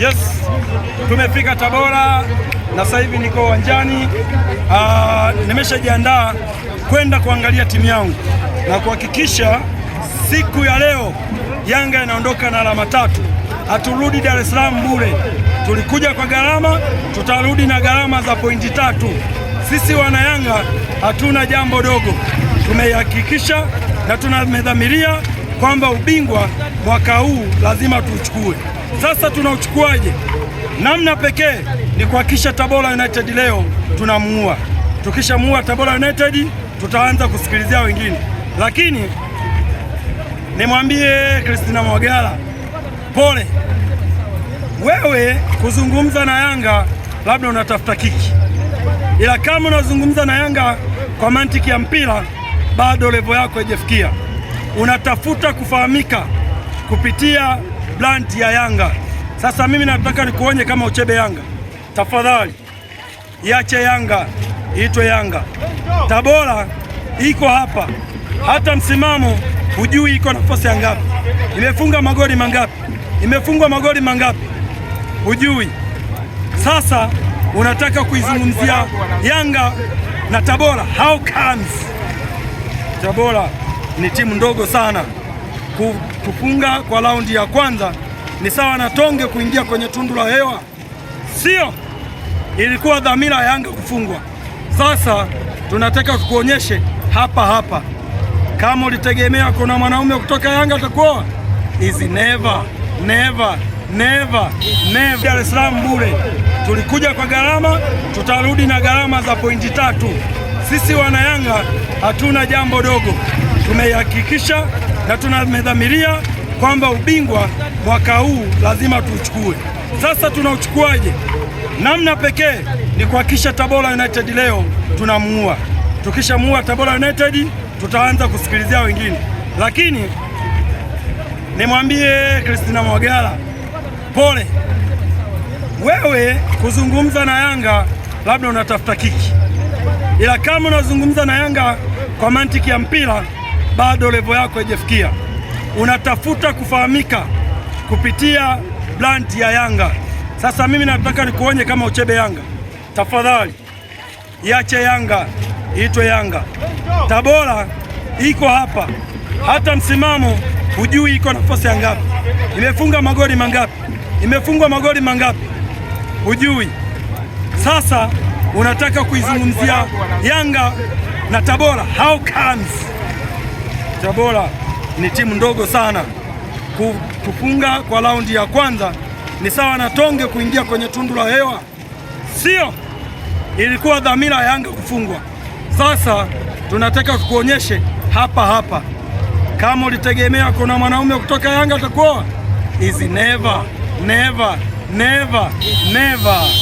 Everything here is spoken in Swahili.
Yes, tumefika Tabora na sasa hivi niko uwanjani. Ah, nimeshajiandaa kwenda kuangalia timu yangu na kuhakikisha siku ya leo Yanga inaondoka na alama tatu. Haturudi Dar es Salaam bure, tulikuja kwa gharama, tutarudi na gharama za pointi tatu. Sisi wana Yanga hatuna jambo dogo, tumeihakikisha na tunamedhamiria kwamba ubingwa mwaka huu lazima tuuchukue. Sasa tunauchukuaje? Namna pekee ni kuhakikisha Tabora United leo tunamuua. Tukishamuua Tabora United, tutaanza kusikilizia wengine, lakini nimwambie Christina Mwagala pole. Wewe kuzungumza na Yanga labda unatafuta kiki, ila kama unazungumza na Yanga kwa mantiki ya mpira, bado levo yako haijafikia unatafuta kufahamika kupitia brand ya Yanga. Sasa mimi nataka nikuonye kama uchebe Yanga, tafadhali iache Yanga iitwe Yanga. Tabora iko hapa, hata msimamo hujui iko nafasi ya ngapi, imefunga magoli mangapi, imefungwa magoli mangapi, hujui. Sasa unataka kuizungumzia Yanga na Tabora, how comes Tabora ni timu ndogo sana. Kufunga kwa raundi ya kwanza ni sawa na tonge kuingia kwenye tundu la hewa, sio? Ilikuwa dhamira ya Yanga kufungwa. Sasa tunataka kukuonyeshe hapa hapa, kama ulitegemea kuna mwanaume kutoka Yanga atakuoa, is never never never never. Dar es Salaam bure, tulikuja kwa gharama, tutarudi na gharama za pointi tatu. Sisi wana Yanga hatuna jambo dogo tumeihakikisha na tunamedhamiria kwamba ubingwa mwaka huu lazima tuuchukue. Sasa tunauchukuaje? Namna pekee ni kuhakikisha Tabora United leo tunamuua. Tukishamuua Tabora United, tutaanza kusikilizia wengine, lakini nimwambie kristina Mwagala pole. Wewe kuzungumza na Yanga labda unatafuta kiki, ila kama unazungumza na Yanga kwa mantiki ya mpira bado levo yako haijafikia. Unatafuta kufahamika kupitia brand ya Yanga. Sasa mimi nataka nikuonye kama uchebe Yanga, tafadhali iache Yanga iitwe Yanga. Tabora iko hapa, hata msimamo hujui iko nafasi ya ngapi, imefunga magoli mangapi, imefungwa magoli mangapi, hujui. Sasa unataka kuizungumzia Yanga na Tabora, how comes Tabora ni timu ndogo sana. Kufunga kwa raundi ya kwanza ni sawa na tonge kuingia kwenye tundu la hewa, sio? Ilikuwa dhamira ya Yanga kufungwa. Sasa tunataka kukuonyeshe hapa hapa, kama ulitegemea kuna mwanaume kutoka Yanga atakuoa, is never never never never